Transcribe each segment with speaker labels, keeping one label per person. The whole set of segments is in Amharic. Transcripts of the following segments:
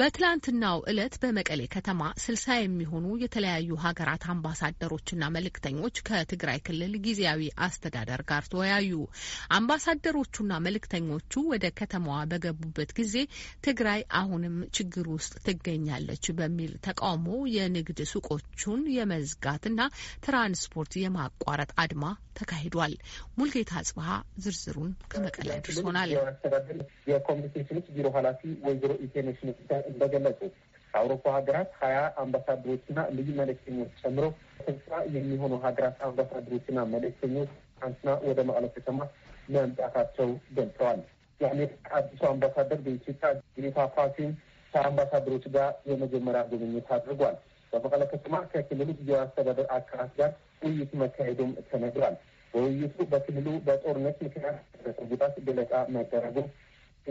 Speaker 1: በትላንትናው ዕለት በመቀሌ ከተማ ስልሳ የሚሆኑ የተለያዩ ሀገራት አምባሳደሮችና መልእክተኞች ከትግራይ ክልል ጊዜያዊ አስተዳደር ጋር ተወያዩ። አምባሳደሮቹና መልእክተኞቹ ወደ ከተማዋ በገቡበት ጊዜ ትግራይ አሁንም ችግር ውስጥ ትገኛለች በሚል ተቃውሞ የንግድ ሱቆቹን የመዝጋትና ትራንስፖርት የማቋረጥ አድማ ተካሂዷል። ሙልጌታ ጽብሀ ዝርዝሩን ከመቀለ ድርሶናል።
Speaker 2: የኮሚኒኬሽኖች ቢሮ ኃላፊ ወይዘሮ ኢቴነሽ ንስታ እንደገለጹት ከአውሮፓ ሀገራት ሀያ አምባሳደሮችና ልዩ መልእክተኞች ጨምሮ ስልሳ የሚሆኑ ሀገራት አምባሳደሮችና መልእክተኞች ትናንትና ወደ መቀለ ከተማ መምጣታቸው ገልጸዋል። የአሜሪካ አዲሱ አምባሳደር በኢትዮጵያ ግኔታ ፓሲን ከአምባሳደሮች ጋር የመጀመሪያ ጉብኝት አድርጓል። በመቀለ ከተማ ከክልሉ ጊዜያዊ አስተዳደር አካላት ጋር ውይይት መካሄዱም ተነግሯል። በውይይቱ በክልሉ በጦርነት ምክንያት ጉዳት ገለጻ መደረጉ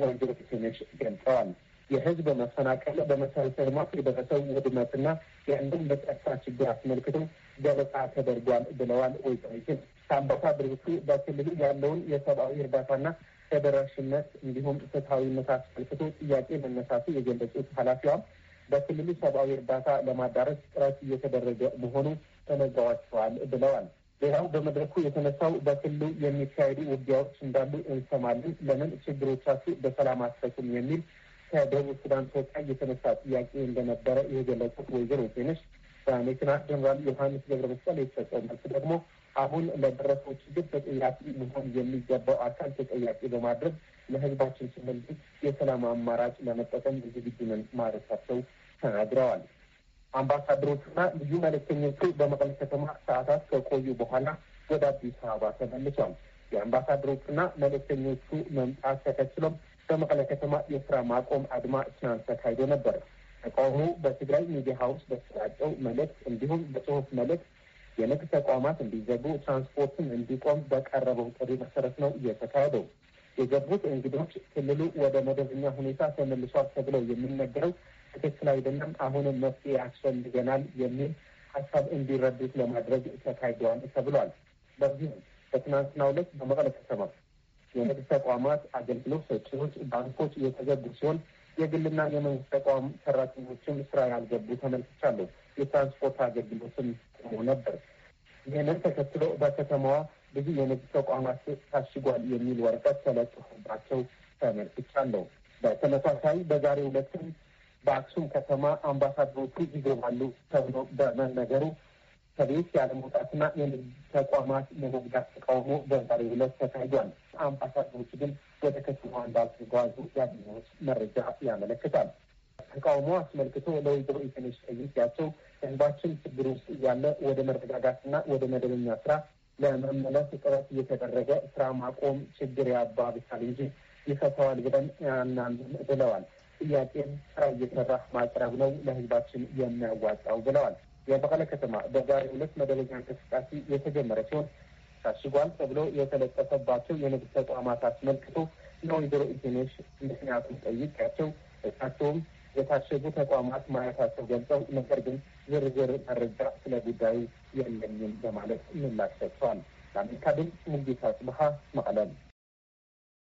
Speaker 2: ወይዘሮ ፊትነሽ ገልጸዋል። የህዝብ መፈናቀል፣ በመሰረተ ልማት የደረሰው ውድመትና የአንድም በጸጥታ ችግር አስመልክቶ ገለጻ ተደርጓል ብለዋል። ወይዘሪትን ሳምባታ ብሪቱ በክልሉ ያለውን የሰብአዊ እርዳታና ተደራሽነት እንዲሁም ፍትሐዊነት አስመልክቶ ጥያቄ መነሳቱ የገለጹት ኃላፊዋም በክልሉ ሰብአዊ እርዳታ ለማዳረስ ጥረት እየተደረገ መሆኑ ተነጋዋቸዋል ብለዋል። ሌላው በመድረኩ የተነሳው በክልሉ የሚካሄዱ ውጊያዎች እንዳሉ እንሰማለን፣ ለምን ችግሮቻችሁ በሰላም አትፈቱም የሚል ከደቡብ ሱዳን ተወካይ የተነሳ ጥያቄ እንደነበረ የገለጹት ወይዘሮ ጤነሽ በሌተና ጀነራል ዮሐንስ ገብረ መስቀል የተሰጠው መልስ ደግሞ አሁን ለደረሰው ችግር ተጠያቂ መሆን የሚገባው አካል ተጠያቂ በማድረግ ለህዝባችን ስምልት የሰላም አማራጭ ለመጠቀም ዝግጁ ነን ማለታቸው ተናግረዋል። አምባሳደሮቹና ልዩ መልእክተኞቹ በመቀለ ከተማ ሰዓታት ከቆዩ በኋላ ወደ አዲስ አበባ ተመልሷል። የአምባሳደሮቹና መልእክተኞቹ መምጣት ተከትሎም በመቀለ ከተማ የስራ ማቆም አድማ ትናንት ተካሂዶ ነበር። ተቃውሞ በትግራይ ሚዲያ ሀውስ በተሰራጨው መልእክት እንዲሁም በጽሁፍ መልእክት የንግድ ተቋማት እንዲዘጉ፣ ትራንስፖርትን እንዲቆም በቀረበው ጥሪ መሰረት ነው እየተካሄደው። የገቡት እንግዶች ክልሉ ወደ መደበኛ ሁኔታ ተመልሷል ተብለው የሚነገረው ትክክል አይደለም፣ አሁንም መፍትሄ ያስፈልገናል የሚል ሀሳብ እንዲረዱት ለማድረግ ተካሂደዋል ተብሏል። በዚህም በትናንትናው ዕለት በመቀለ ከተማ የንግድ ተቋማት፣ አገልግሎት ሰጪዎች፣ ባንኮች እየተዘጉ ሲሆን የግልና የመንግስት ተቋም ሰራተኞችም ስራ ያልገቡ ተመልክቻለሁ። የትራንስፖርት አገልግሎትም ቆሞ ነበር። ይህንን ተከትሎ በከተማዋ ብዙ የንግድ ተቋማት ታሽጓል የሚል ወረቀት ተለጥፎባቸው ተመልክቻለሁ። በተመሳሳይ በዛሬው ዕለትም በአክሱም ከተማ አምባሳደሮቹ ይገባሉ ተብሎ በመነገሩ ከቤት ያለመውጣትና የንግድ ተቋማት መዘግዳት ተቃውሞ በዛሬ ዕለት ተካሂዷል። አምባሳደሮች ግን ወደ ከተማ እንዳልተጓዙ ያገኘሁት መረጃ ያመለክታል። ተቃውሞ አስመልክቶ ለወይዘሮ ኢትንሽ ጠይቄያቸው ህዝባችን ችግር ውስጥ እያለ ወደ መረጋጋትና ወደ መደበኛ ስራ ለመመለስ ጥረት እየተደረገ ስራ ማቆም ችግር ያባብሳል እንጂ ይፈተዋል ብለን አናምንም ብለዋል። ጥያቄም ስራ እየሰራ ማቅረብ ነው ለህዝባችን የሚያዋጣው ብለዋል። የመቀለ ከተማ በዛሬ ሁለት መደበኛ እንቅስቃሴ የተጀመረ ሲሆን ታሽጓል ተብሎ የተለጠፈባቸው የንግድ ተቋማት አስመልክቶ ለወይዘሮ ኢቴኔሽ ምክንያቱም ጠይቄያቸው እሳቸውም የታሸጉ ተቋማት ማየታቸው ገልጸው ነገር ግን ዝርዝር መረጃ ስለ ጉዳዩ የለኝም በማለት ምላሽ ሰጥቷል። ለአሜሪካ ድምፅ ሙሉጌታ ጽብሀ መቀለም